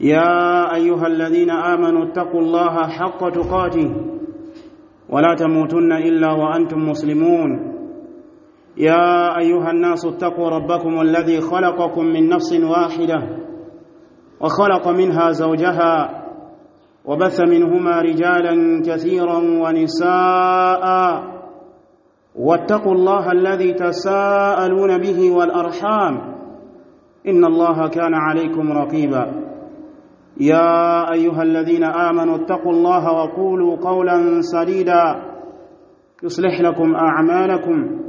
يا ايها الذين امنوا اتقوا الله حق تقاته ولا تموتن الا وانتم مسلمون يا ايها الناس اتقوا ربكم الذي خلقكم من نفس واحده وخلق منها زوجها وبث منهما رجالا كثيرا ونساء واتقوا الله الذي تساءلون به والارحام ان الله كان عليكم رقيبا يا ايها الذين امنوا اتقوا الله وقولوا قولا سديدا يصلح لكم اعمالكم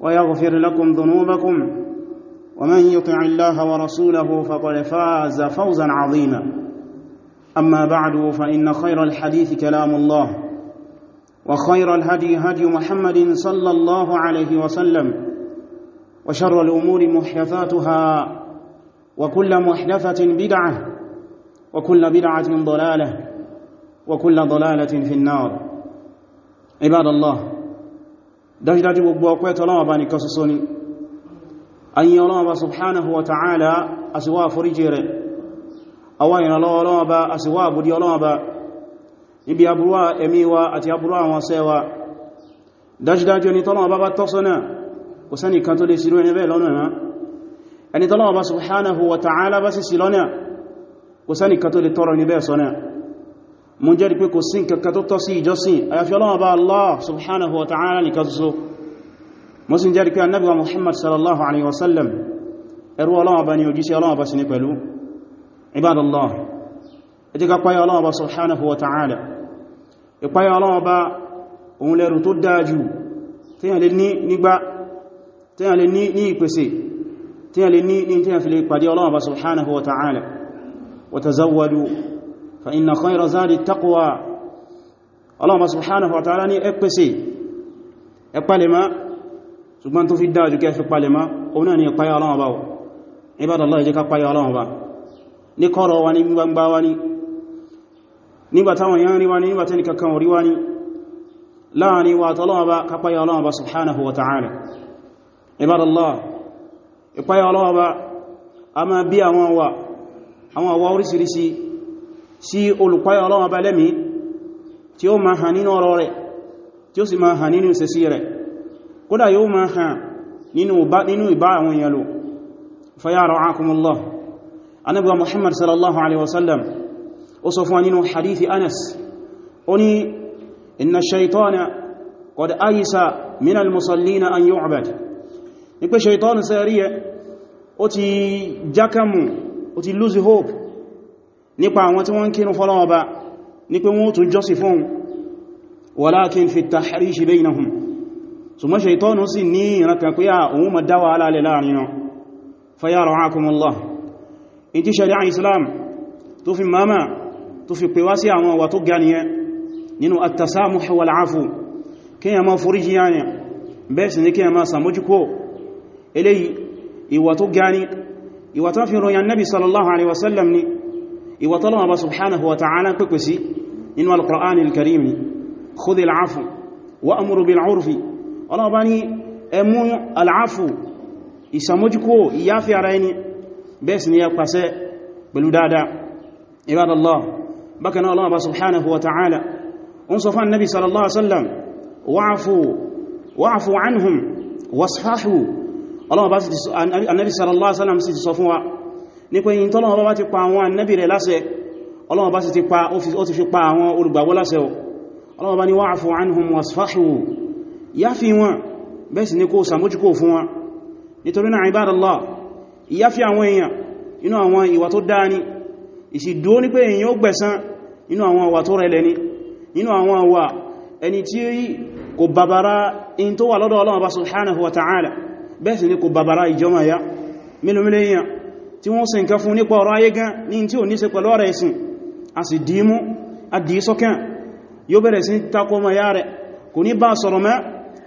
ويغفر لكم ذنوبكم ومن يطع الله ورسوله فقد فاز فوزا عظيما اما بعد فان خير الحديث كلام الله وخير الهدي هدي محمد صلى الله عليه وسلم وشر الامور محدثاتها وكل محدثه بدعه وكل بدعة ضلالة وكل ضلالة في النار عباد الله dájúdájú gbogbo ọkọ̀ ẹ̀tọ́ lọ́wọ́ bá ní kan ṣoṣo ni ayin ọlọ́wọ́ bá subhanahu wa ta'ala a sì wá àforíjì rẹ̀ àwọn ìrànlọ́wọ́ ọlọ́wọ́ bá a sì wá àbúdí ọlọ́wọ́ bá níbi aburú ẹ̀mí wa àti aburú àwọn sẹ́wa dájúdájú ẹni tọ́lọ́wọ́ bá bá tọ́sọ́nà kò sẹ́ni kan tó lè sírú ẹni bẹ́ẹ̀ lọ́nà ẹni tọ́lọ́wọ́ bá subhanahu wa ta'ala bá sì sí lọ́nà kò sẹ́ni kan tó lè tọrọ ní bẹ́ẹ̀ sọ́nà mú jẹ́rìí pé kò sí nǹkan kan tó tọ́ sí ìjọsìn àyàfi Ọlọ́run Ọba Allah subhanahu wa ta'ala ní kàtúsó mú sí jẹ́rìí pé annabi wa Muhammad sallallahu alaihi wasallam ẹrú Ọlọ́run ni òjíṣẹ́ Ọlọ́run sí ní pẹ̀lú ibadallah وتزودوا فإن خير زاد التقوى اللهم سبحانه وتعالى ní ẹ̀pẹ̀sẹ̀ ẹ̀pàlẹ̀má ṣùgbọ́n tó fi dájú kẹ́ fi pàlẹ̀má òun náà ni ìpáyà Ọlọ́run bá Ibadallah jẹ́ ká páyà Ọlọ́run bá ní kọ̀rọ̀ wa ní gbangba wa ní nígbàtàwọn yán rí wa ní nígbàtà nìkankan rí wa ní láàrin wa tọ́lọ́wọ́ bá ká páyà Ọlọ́run bá subhanahu wa ta'ala Ibadallah ìpáyà Ọlọ́run bá a máa bí àwọn wa àwọn àwọ orísìírísìí sí olùkwáyọ̀ ọlọ́wọ́ bá lẹ́mí tí ó ma hàn nínú ọ̀rọ̀ rẹ̀ tí ó sì ma hàn nínú ìṣesí rẹ̀ kódà yóò ma hàn nínú ìbá àwọn èèyàn lò fayára akumullah anábíwa muhammad sallallahu alaihi wasallam ó sọ fún nínú hadithi anas ó ní inna ti jákàmù o ti lose hope nípa àwọn tí wọ́n kírun fọ́lọ́wọ́ bá ní pé wọ́n tún jọ́sì fún walakin fi tahrish bainahum so mọ́ ṣaitọ́nù sí ní ìrànkà pé à òun ma dáwà alálẹ̀ láàrin wọn ìwà tán fi ròyìn annabi sallallahu alaihi wasallam ni ìwà tọ́lọ́wọ́ bá subhanahu wa ta'ala pẹ̀kù sí inú al-Qur'an al-Karim ni khudh al-afu wa amuru bil urfi ọlọ́wọ́ bá ní ẹmú al-afu ìsàmójúkó ìyáfí ara ẹni bẹ́ẹ̀ sì ni ya pàṣẹ pẹ̀lú dáadáa Ànábì sallallahu alaihi wasallam sì ti sọ fún wa ní pé yìí tọ́lọ́wọ́ bá ti pa àwọn ànábì rẹ̀ láṣẹ Ọlọ́run bá sì ti pa ó ti fi pa àwọn olùgbàgbọ́ láṣẹ o Ọlọ́run bá ní wa'fu anhum wasfahu yáfi wọn bẹ́ẹ̀ sì ní kó sàmójúkò fún wọn nítorí náà ibadallah ìyáfi àwọn èèyàn inú àwọn ìwà tó dáa ni ìsìdúó ní bẹ́ẹ̀ sì ní kò bàbára ìjọmọ̀ ya mílòmílò èèyàn tí wọ́n sì nǹkan fún nípa ọ̀rọ̀ ayé gan ní tí ò ní ṣe pẹ̀lú ọ̀rọ̀ ẹ̀sìn a sì dìímú a dìí sọ́kàn yóò bẹ̀rẹ̀ sí takọ ma ya rẹ̀ kò ní bá sọ̀rọ̀ mẹ́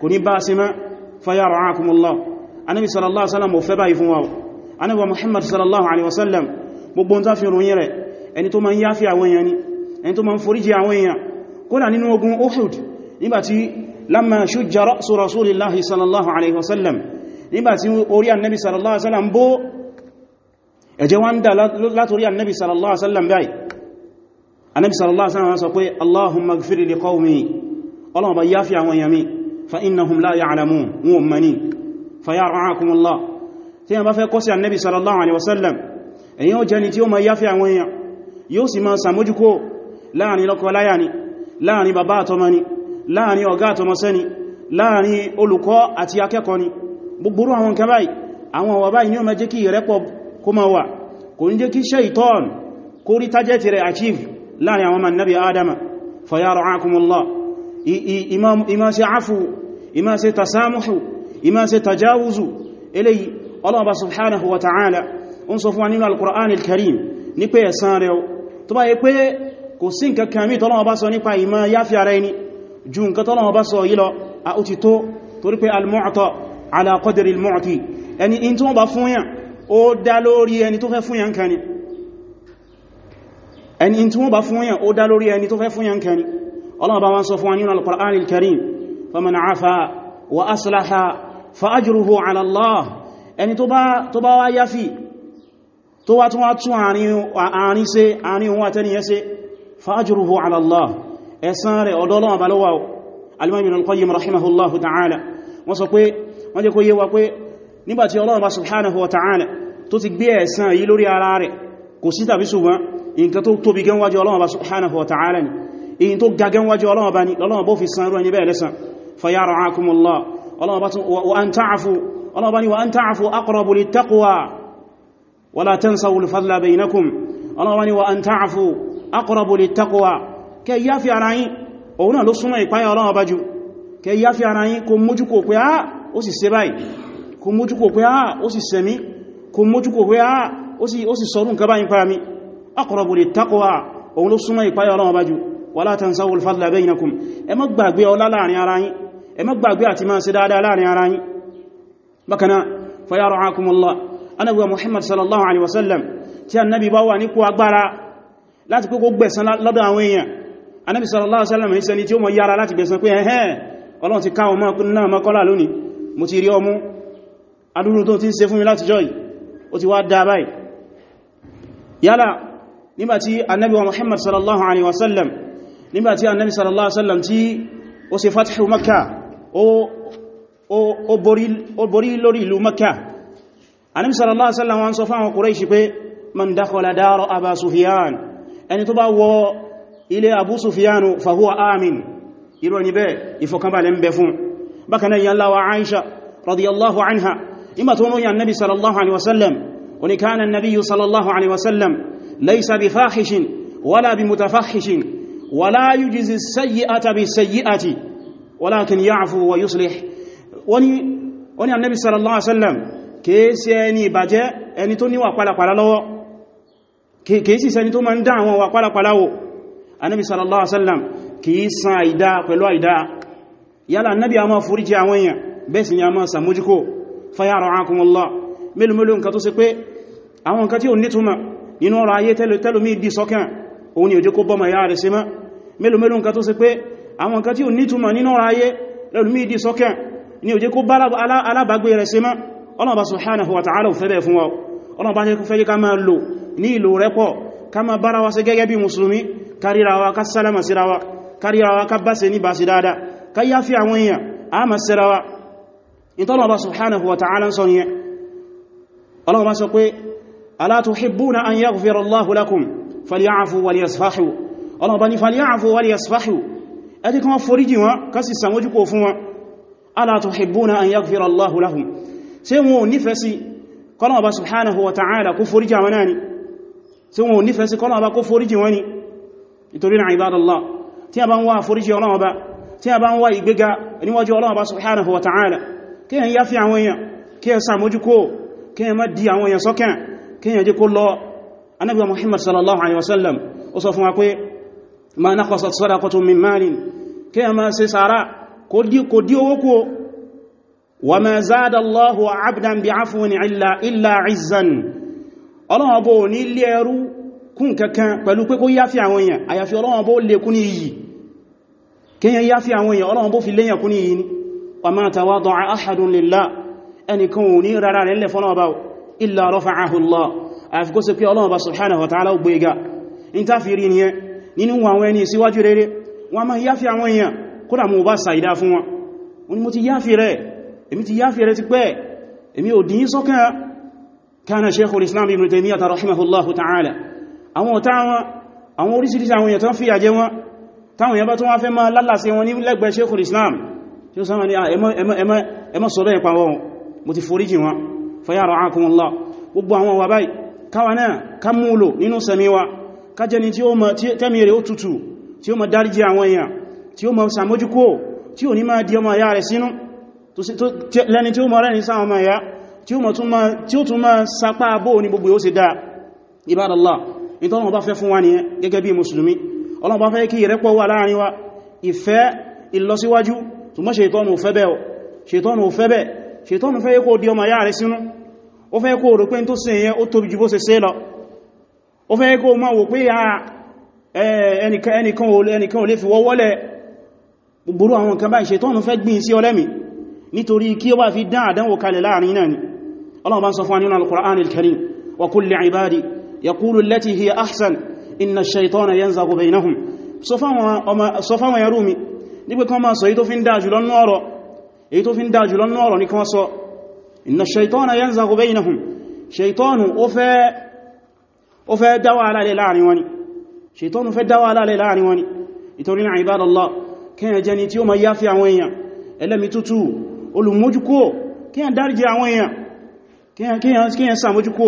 kò ní bá sí mẹ́ fayarọ̀ akumullah anabi sallallahu alaihi wasallam ò fẹ́ báyìí fún wa anabi muhammad sallallahu alaihi wasallam gbogbo ń tafi ròyìn nígbàtí orí annabi sallallahu alaihi wasallam bó ẹ̀jẹ̀ wá ń dà látorí annabi sallallahu alaihi wasallam báyìí annabi sallallahu alaihi wasallam sọ pé allahumma gfiri li qawmi ọlọ́run bá yáfi àwọn èèyàn mi fa innahum la ya'lamun wọn mani fa yar'akumullah tí a bá fẹ́ kọ́ sí annabi sallallahu alaihi wasallam èyàn jẹ́ ni tí ó ma yáfi àwọn èèyàn yóò sì ma sàmójúkó láàrin lọ́kọ láyà ni láàrin olùkọ́ àti akẹ́kọ̀ọ́ ni gbogbo àwọn nǹkan báyìí àwọn ọ̀wà báyìí ni ó ma jẹ́ kí ìrẹ́pọ̀ kó ma wà kò ní jẹ́ kí shaitan kó rí tájẹ́tì rẹ̀ achieve láàrin àwọn ọmọ nabi adama faya ra'akumullah ima ṣe afu ima ṣe tasamuhu ima ṣe tajawuzu eléyìí ọlọ́ọ̀bá subhanahu wa ta'ala ń sọ fún wa nínú al-Qur'an al-Karim ní al-Mu'ta ala qadri al-mu'ti ẹni in tí wọ́n bá fún yàn ó dá lórí ẹni tó fẹ́ fún yàn kan ni ẹni in tí wọ́n bá fún yàn ó dá lórí ẹni tó fẹ́ fún yàn kan ni Allah bá wá sọ fún wa nínú al-Qur'an al-Karim faman afa wa aslaha fa ajruhu ala Allah wọ́n sọ pé wọ́n jẹ́ kó yé wa pé nígbàtí Ọlọ́run bá subhanahu wa ta'ala tó ti gbé ẹ̀san yìí lórí ara rẹ̀ kò sí tàbí ṣùgbọ́n nǹkan tó tóbi gan wájú Ọlọ́run bá subhanahu wa ta'ala ni èyí tó ga gan wájú Ọlọ́run bá ní Ọlọ́run bó fi san rú ẹni bẹ́ẹ̀ lẹ́san fayara'akumullah Ọlọ́run bá tún wa an ta'afu Ọlọ́run bá ní wa an ta'afu aqrabu littaqwa wa la tansawu ara yín kò mójú kò pé á ó sì ṣe báyìí kò mójúkò pé ah ó sì sẹ̀mí kò mójúkò pé ah ó sì sọ̀rún nǹkan báyìí pa mi aqrabu littaqwa òun ló súnmọ́ ìpáyà ọlọ́wọ́ bájú wala tansawul fadla bainakum ẹ má gbàgbé ọlá láàrin ara yín ẹ má gbàgbé àti máa ṣe dáadáa láàrin ara yín bákanáà fayarhakumullah anábíwa muhammad sallallahu alaihi wasallam tí annabi bá wà nípò agbára láti kókó gbẹ̀san lọ́dọ̀ àwọn èèyàn anábi sallallahu alaihi wasallam ìsẹni tí ó mọ̀ ọlọ́run ti káwọn náà mọ́kọ́lá lónìí mo ti rí ọmú adúrú tó ti ń ṣe fún mi láti jọ yìí ó ti wá dá báyìí yálà nígbàtí annabi wa muhammad sallallahu alaihi wasallam nígbàtí annabi sallallahu alaihi wasallam tí ó ṣe fatihu makka ó borí lórí ìlú makka annabi sallallahu alaihi wasallam wọ́n sọ fáwọn Quraishi pé man dakhala dara aba sufyan ẹni tó bá wọ ilé abu sufyanu fahuwa amin irọ́ ni bẹ́ẹ̀ ń bẹ fún bákanáà yà láwà aisha radiyallahu anha nígbà tó ròyìn annabi sallallahu alaihi wasallam wani kana annabi sallallahu alaihi wasallam laisa bi fahishin wala bi mutafahishin wala yujizi sayyi'ata bi sayyi'ati walakin ya'fu wa yuslih wani wani annabi sallallahu alaihi wasallam kèèsì ẹni ìbàjẹ́ ẹni tó níwà pálapàla lọ́wọ́ kèèsì sẹni tó ma ń dá àwọn wà san àìdá pẹ̀lú àìdá yálà nábi a máa foríjì àwọn èèyàn bẹ́ẹ̀ sì ni a máa sàmójúkò fayára akùnmọ́lá mélòmélò nǹkan tó ṣe pé àwọn nǹkan tí ó nítumọ̀ nínú ọ̀rọ̀ ayé tẹ́lómí dì sọ́kàn òun ni òjò kó bọ́mọ̀ yá rẹ̀ sí mọ́ mélòmélò nǹkan tó ṣe pé àwọn nǹkan tí ó nítumọ̀ nínú ọ̀rọ̀ ayé tẹ́lómí dì sọ́kàn ni òjò kó alábàgbé rẹ̀ sí mọ́ ọlọ́ọ̀bá subhanahu wa ta'ala fẹ́ bẹ̀ fún wa ọlọ́ọ̀bá ṣe fẹ́ káyá fi àwọn èèyàn a ma sẹ́ra wa ìtọ́lọ̀bá subhanahu wa ta'ala sọ yẹn ọlọ́wọ́ sọ pé ala tuhibbuna an yaghfira Allahu lakum falyafu wal yasfahu ọlọ́wọ́ ni falyafu wal yasfahu ẹjí kan na ibadallah tí a bá ń wá foríjì ọlọ́ọ̀bá tí a bá ń wá ìgbéga níwájú Ọlọ́run bá subhanahu wa ta'ala kí yẹn yá fi àwọn èèyàn kí yẹn sàmójúkó kí yẹn má di àwọn èèyàn sọ́kàn kí yẹn jẹ́ kó lọ anábíwa muhammad sallallahu alaihi wasallam ó sọ fún wa pé ma naqasat sadaqatun min malin kí yẹn má ṣe sàárà kò dí owó kó wa ma zada allahu abdan bi afwin illa illa izzan Ọlọ́run bó ní ilé ẹrú kún kankan pẹ̀lú pé kó yá fi àwọn èèyàn àyàfi Ọlọ́run bó lè kún ní iyì kíyàn yá fi àwọn èèyàn ọlọ́run bó fi léyàn kú ní yìí wa ma tawada'a ahadun lillah ẹnìkan ò ní rárá rẹ̀ lẹ́fọ́n ọba illa rafa'ahu Allah àfikó sí pé ọlọ́run bá subhanahu wa ta'ala gbé ga táwọn yẹn bá tó wá fẹ́ máa lálàsí wọn ní lẹ́gbẹ̀ẹ́ Sheikhul Islam tí ó sáwọn ní ẹmọ́ sọ́rọ̀ ìpa wọn mo ti foríjì wọn fayára akumullah gbogbo àwọn wà báyìí káwà náà ká múlò nínú sẹmiwa ká jẹ́ ni tẹ́mi rẹ̀ ó tutù tí ó ma dáríjì àwọn èèyàn tí ó ma sàmójúkó tí ò ní máa di Ọlọ́run bá fẹ́ kí ìrẹ́pọ̀ wà láàrin wa ìfẹ́ ìlọsíwájú túnmọ́ ṣètọ́nù ò fẹ́ bẹ́ẹ̀ ṣètọ́nù ò fẹ́ bẹ́ẹ̀ ṣètọ́nù fẹ́ kó di ọmọ yá rẹ̀ sínú ó fẹ́ kó rò pé tó sì yẹn ó tóbi jù bó ṣe ṣe lọ ó fẹ́ kó máa wò pé ah, ẹnìkan ò lè fi wọ́wọ́lẹ̀ gbogbo àwọn nǹkan báyìí ṣètọ́nù fẹ́ gbìn sí hiya ahsan inna shaitana yanzagu bainahum sọ fáwọn ẹrú mi nígbé kan máa sọ èyí tó fi ń dáa jùlọ nú ọ̀rọ̀ èyí tó fi ń dáa jùlọ nú ọ̀rọ̀ ní kan sọ inna shaitana yanzagu bainahum shaitanu ó fẹ́ dáwà alálẹ̀ láàrin wani shaitanu fẹ́ dáwà alálẹ̀ láàrin wani ìtorí náà ibadallah kíyàn jẹni tí ó ma yáfi àwọn èèyàn ẹlẹ́mi tútù olùmójúkó kíyàn dáríjì àwọn èèyàn kíyàn sàmójúkó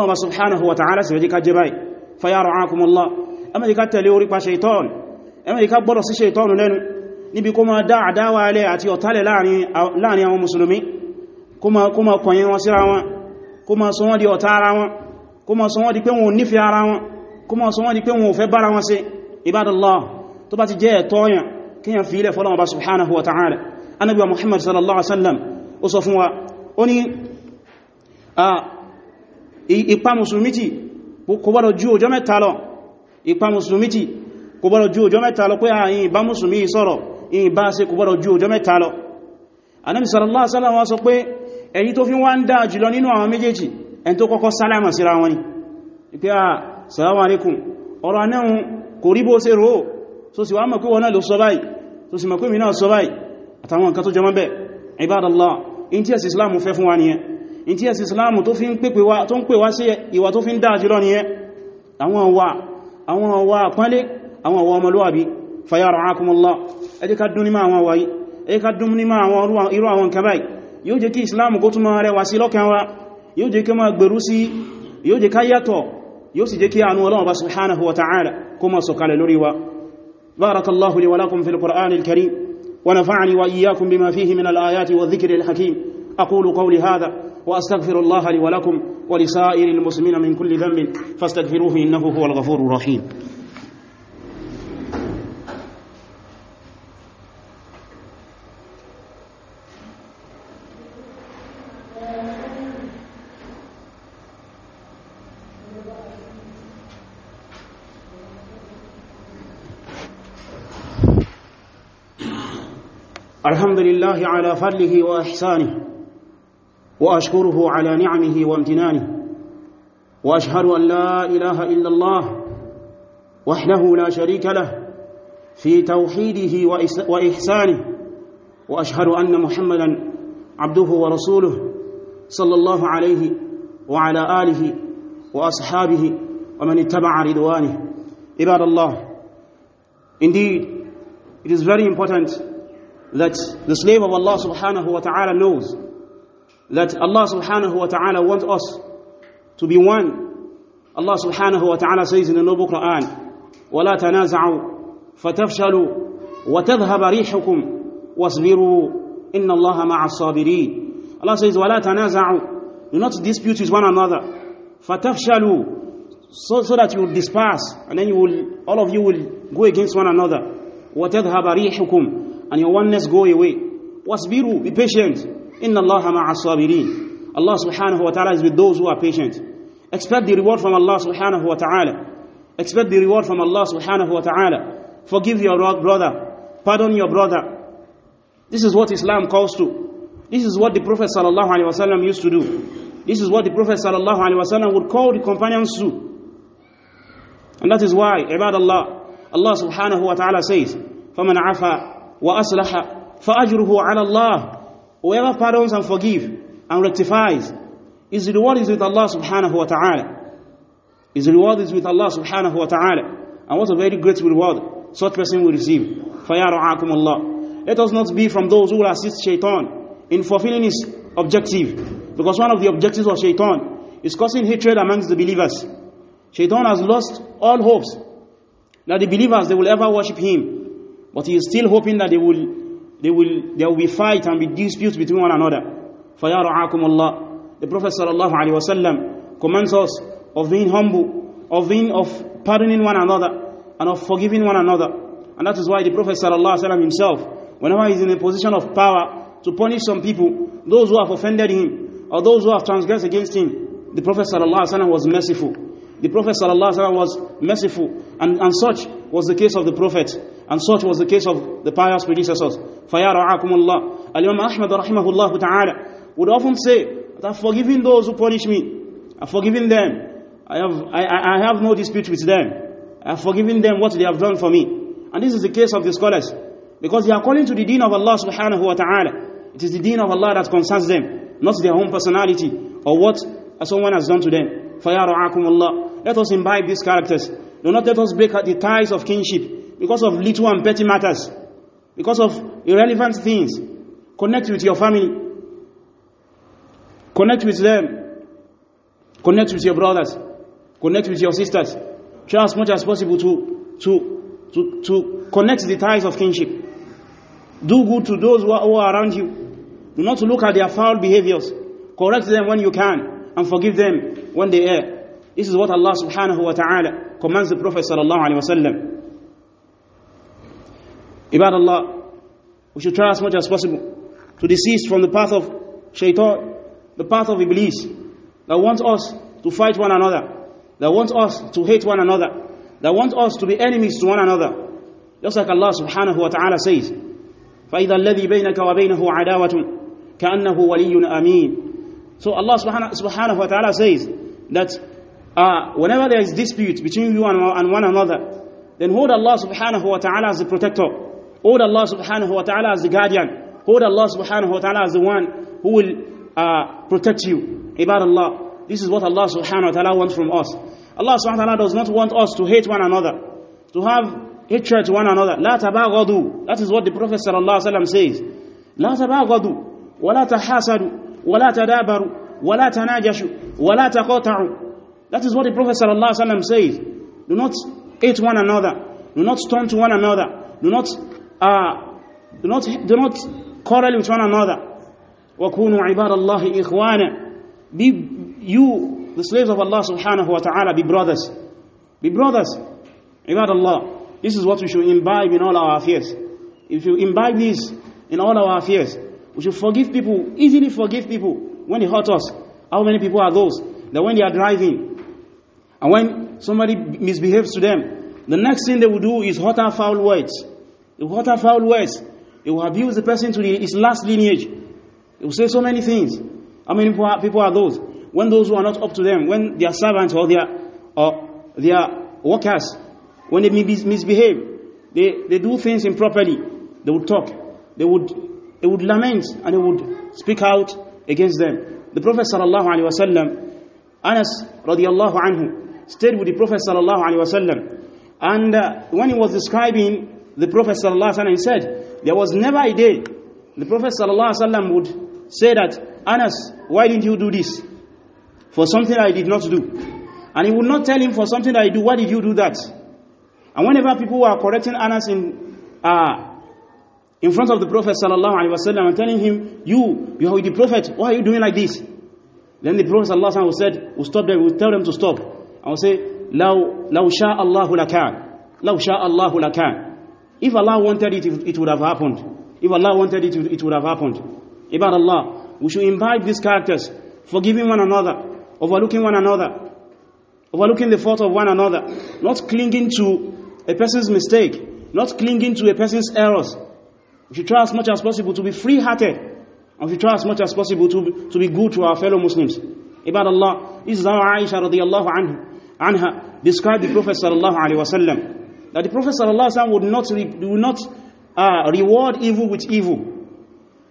Allah subhanahu wa ta'ala sì wájí ká jẹ báyìí fayá ra'akumullah amẹ́ríká tẹ̀lé orí pa ṣeitọ́n amẹ́ríká gbọ́rọ̀ sí ṣeitọ́n lẹ́nu níbi kó ma dá àdáwà alẹ́ àti ọ̀tálẹ̀ láàrin àwọn musulmi kó ma kọ̀yìn wọn síra wọn kó ma sọ wọ́n di ọ̀tá ara wọn kó ma sọ wọ́n di pé wọn ò nífẹ̀ẹ́ ara wọn kó ma sọ wọ́n di pé wọn ò fẹ́ bára wọn ibadallah tó bá ti jẹ́ ẹ̀tọ́ yàn fi ilẹ̀ fọ́lọ́wọ́ bá subhanahu wa ta'ala anabi muhammad sallallahu alaihi wasallam ó sọ fún wa ó ní ah, ipa musulmi ti kò gbọ́dọ̀ ju ọjọ́ mẹ́ta lọ ipa musulmi ti kò gbọ́dọ̀ ju ọjọ́ mẹ́ta lọ pé àyìn ah, ìbá musulmi sọ̀rọ̀ ìyìn bá ṣe kò gbọ́dọ̀ ju ọjọ́ mẹ́ta lọ Ànábì sallallahu pé èyí tó fi wá ń dáa jùlọ nínú àwọn méjèèjì in tí ẹ̀sì islamu tó ń pè wá sí ìwà tó fi ń dáa jùlọ nìyẹn àwọn ọwà àwọn ọwà pánlé àwọn ọwà ọmọlúwàbí fayara'akumullah ẹ jẹ́ ká dún níma àwọn wáyí ẹ jẹ́ ká dún níma àwọn irú àwọn kẹbàí yóò jẹ́ kí islamu kó túnmọ̀ rẹ̀ wá sí lọ́kàn wa yóò jẹ́ ونفعني وإياكم بما فيه من الآيات والذكر الحكيم أقول قولي هذا وأستغفر الله لي ولكم ولسائر المسلمين من كل ذنب فاستغفروه إنه هو الغفور الرحيم الحمد لله على فضله وإحسانه وأشكره على نعمه وامتنانه وأشهد أن لا إله إلا الله وحده لا شريك له في توحيده وإحسانه وأشهد أن محمدا عبده ورسوله صلى الله عليه وعلى آله وأصحابه ومن اتبع رضوانه عباد الله indeed it is very important that the slave of Allah subhanahu wa ta'ala knows that Allah subhanahu wa ta'ala wants us to be one. Allah subhanahu wa ta'ala says in the Noble Quran, وَلَا تَنَازَعُوا فَتَفْشَلُوا وَتَذْهَبَ رِيحُكُمْ وَاصْبِرُوا إِنَّ اللَّهَ مَعَ الصَّابِرِينَ Allah says, وَلَا تَنَازَعُوا Do not dispute with one another. فَتَفْشَلُوا so, so that you will disperse and then you will, all of you will go against one another. وَتَذْهَبَ رِيحُكُمْ And your oneness go away. وَاصْبِرُوا Be patient. Inna Allah sabirin. Allah subhanahu wa ta'ala is with those who are patient. Expect the reward from Allah subhanahu wa ta'ala. Expect the reward from Allah subhanahu wa ta'ala. Forgive your brother. Pardon your brother. This is what Islam calls to. This is what the Prophet sallallahu alaihi wasallam used to do. This is what the Prophet sallallahu alaihi wasallam would call the companions to. And that is why ibad Allah, Allah subhanahu wa ta'ala says, فَمَنْ عَفَى وَأَصْلَحَ فَأَجْرُهُ عَلَى اللَّهِ Whoever pardons and forgives and rectifies, his reward is with Allah subhanahu wa ta'ala. His reward is with Allah subhanahu wa ta'ala. And what a very great reward such person will receive. فَيَرَعَاكُمُ Let us not be from those who will assist shaitan in fulfilling his objective. Because one of the objectives of shaitan is causing hatred amongst the believers. Shaitan has lost all hopes that the believers, they will ever worship him. But he is still hoping that they will they will, there will be fight and be disputes between one another. فَيَرَعَاكُمُ Allah. The Prophet sallallahu alaihi wasallam commands us of being humble, of being of pardoning one another, and of forgiving one another. And that is why the Prophet sallallahu alaihi wasallam himself, whenever he is in a position of power to punish some people, those who have offended him, or those who have transgressed against him, the Prophet sallallahu alaihi wasallam was merciful. The Prophet sallallahu alaihi wasallam was merciful, and, and such was the case of the Prophet and such was the case of the pious predecessors. فيارعاكم اللَّهُ Al-Imam Ahmad rahimahullah ta'ala would often say, I've forgiven those who punish me. I've forgiven them. I have, I, I have no dispute with them. I've forgiven them what they have done for me. And this is the case of the scholars. Because they are calling to the deen of Allah subhanahu wa ta'ala. It is the deen of Allah that concerns them, not their own personality or what someone has done to them. فَيَارَعَاكُمُ اللَّهُ Let us imbibe these characters. Do not let us break the ties of kinship because of little and petty matters, because of irrelevant things. Connect with your family. Connect with them. Connect with your brothers. Connect with your sisters. Try as much as possible to, to, to, to connect the ties of kinship. Do good to those who are, who are around you. Do not look at their foul behaviors. Correct them when you can and forgive them when they err. This is what Allah subhanahu wa ta'ala commands the Prophet sallallahu alayhi wa sallam. Ibad Allah, we should try as much as possible to desist from the path of shaitan, the path of Iblis, that wants us to fight one another, that wants us to hate one another, that wants us to be enemies to one another. Just like Allah subhanahu wa ta'ala says, فَإِذَا الَّذِي بَيْنَكَ وَبَيْنَهُ عَدَاوَةٌ كَأَنَّهُ وَلِيٌّ أَمِينٌ So Allah subhanahu wa ta'ala says that uh, whenever there is dispute between you and, and one another, then hold Allah subhanahu wa ta'ala as the protector. Hold Allah subhanahu wa ta'ala as the guardian. Hold Allah subhanahu wa ta'ala as the one who will uh, protect you. Ibad Allah. This is what Allah subhanahu wa ta'ala wants from us. Allah subhanahu wa ta'ala does not want us to hate one another, to have hatred to one another. La tabaghadu. That is what the Prophet sallallahu alayhi wasallam says. La tabaghadu wa la tahasadu wa la tadabaru wa la tanajashu wa la That is what the Prophet sallallahu alayhi wasallam says. Do not hate one another. Do not stone to one another. Do not uh, do not do not quarrel with one another وَكُونُوا عِبَادَ اللَّهِ إِخْوَانًا Be you, the slaves of Allah subhanahu wa ta'ala, be brothers. Be brothers. Ibad Allah. This is what we should imbibe in all our affairs. If you imbibe this in all our affairs, we should forgive people, easily forgive people when they hurt us. How many people are those that when they are driving and when somebody misbehaves to them, the next thing they will do is hurt our foul words. He will utter foul words. It will abuse the person to the, his last lineage. It will say so many things. How many people are, those? When those who are not up to them, when their servants or their, or their workers, when they misbehave, they, they do things improperly. They would talk. They would, they would lament and they would speak out against them. The Prophet sallallahu alaihi wasallam, Anas radiallahu anhu, stayed with the Prophet sallallahu alaihi wasallam, and uh, when he was describing the Prophet ﷺ said, there was never a day the Prophet ﷺ would say that, Anas, why didn't you do this? For something I did not do. And he would not tell him for something that I do, why did you do that? And whenever people were correcting Anas in, uh, in front of the Prophet ﷺ and telling him, you, you are with the Prophet, why are you doing like this? Then the Prophet ﷺ would, said, would stop them, would tell them to stop. I would say, لو, لو شاء الله لكان لو شاء الله لكان if Allah wanted it, it would have happened. If Allah wanted it, it would have happened. Ibad Allah, we should imbibe these characters, forgiving one another, overlooking one another, overlooking the fault of one another, not clinging to a person's mistake, not clinging to a person's errors. We should try as much as possible to be free-hearted, and we should try as much as possible to be, to be good to our fellow Muslims. Ibad Allah, this is how Aisha radiallahu anha, anha described the Prophet sallallahu alayhi wa sallam. That the Prophet ﷺ would not, re, would not uh, reward evil with evil.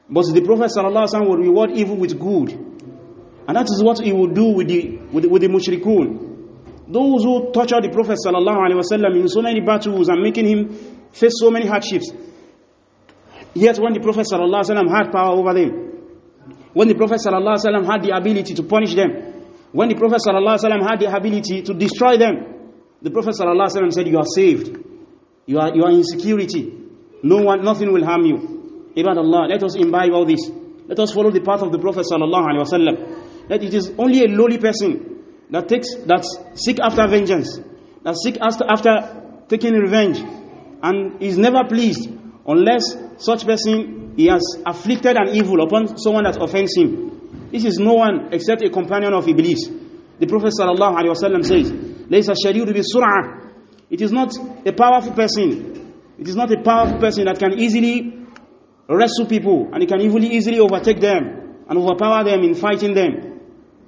But the Prophet ﷺ would reward evil with good. And that is what he would do with the, with the, with the mushrikun. Those who torture the Prophet ﷺ in so many battles and making him face so many hardships. Yet when the Prophet ﷺ had power over them, when the Prophet ﷺ had the ability to punish them, when the Prophet ﷺ had the ability to destroy them, the Prophet wasallam said, you are saved. You are, you are in security. No one, nothing will harm you. Ibad Allah, let us imbibe all this. Let us follow the path of the Prophet wasallam. That it is only a lowly person that takes, that seek after vengeance, that seek after, after taking revenge, and is never pleased unless such person he has afflicted an evil upon someone that offends him. This is no one except a companion of Iblis. The Prophet wasallam says, ليس الشرير بسرعة it is not a powerful person it is not a powerful person that can easily wrestle people and he can easily easily overtake them and overpower them in fighting them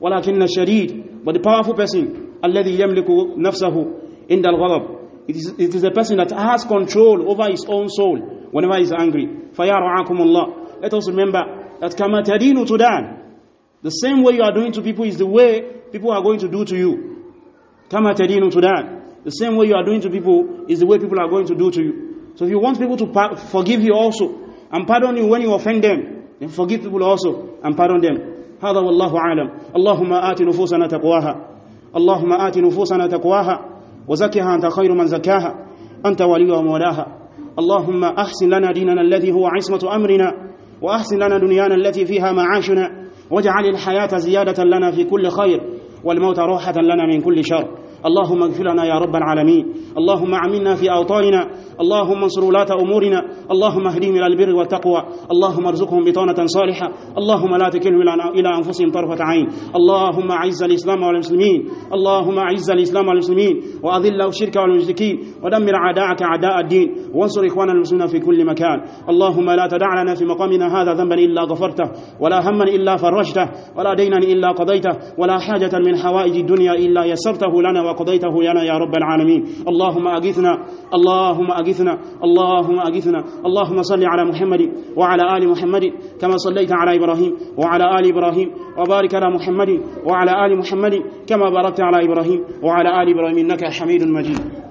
ولكن الشرير but the powerful person الذي يملك نفسه عند الغضب it is, it is a person that has control over his own soul whenever he is angry fayaraakum Allah. let us remember that kama تدين تدان the same way you are doing to people is the way people are going to do to you Kama tadinu to that. The same way you are doing to people is the way people are going to do to you. So if you want people to forgive you also and pardon you when you offend them, then forgive people also and pardon them. هذا والله أعلم اللهم آت نفوسنا تقواها اللهم آت نفوسنا تقواها وزكها أنت خير من زكاها أنت وليها ومولاها اللهم أحسن لنا ديننا الذي هو عصمة Wa ahsin lana دنيانا التي fiha ma'ashuna. واجعل الحياة زيادة lana fi kulli khayr. والموت راحة لنا من كل شر اللهم اغفر لنا يا رب العالمين اللهم عمنا في أوطاننا اللهم انصر ولاة أمورنا اللهم اهديهم إلى البر والتقوى اللهم ارزقهم بطانة صالحة اللهم لا تكلهم إلى أنفسهم طرفة عين اللهم أعز الإسلام والمسلمين اللهم أعز الإسلام والمسلمين وأذل الشرك والمشركين ودمر أعداءك أعداء الدين وانصر إخواننا المسلمين في كل مكان اللهم لا تدع لنا في مقامنا هذا ذنبا إلا غفرته ولا هما إلا فرجته ولا دينا إلا قضيته ولا حاجة من حوائج الدنيا إلا يسرته لنا وقضيته لنا يا رب العالمين اللهم أغثنا اللهم أغثنا أغثنا اللهم أغثنا اللهم صل على محمد وعلى آل محمد كما صليت على إبراهيم وعلى آل إبراهيم وبارك على محمد وعلى آل محمد كما باركت على إبراهيم وعلى آل إبراهيم إنك حميد مجيد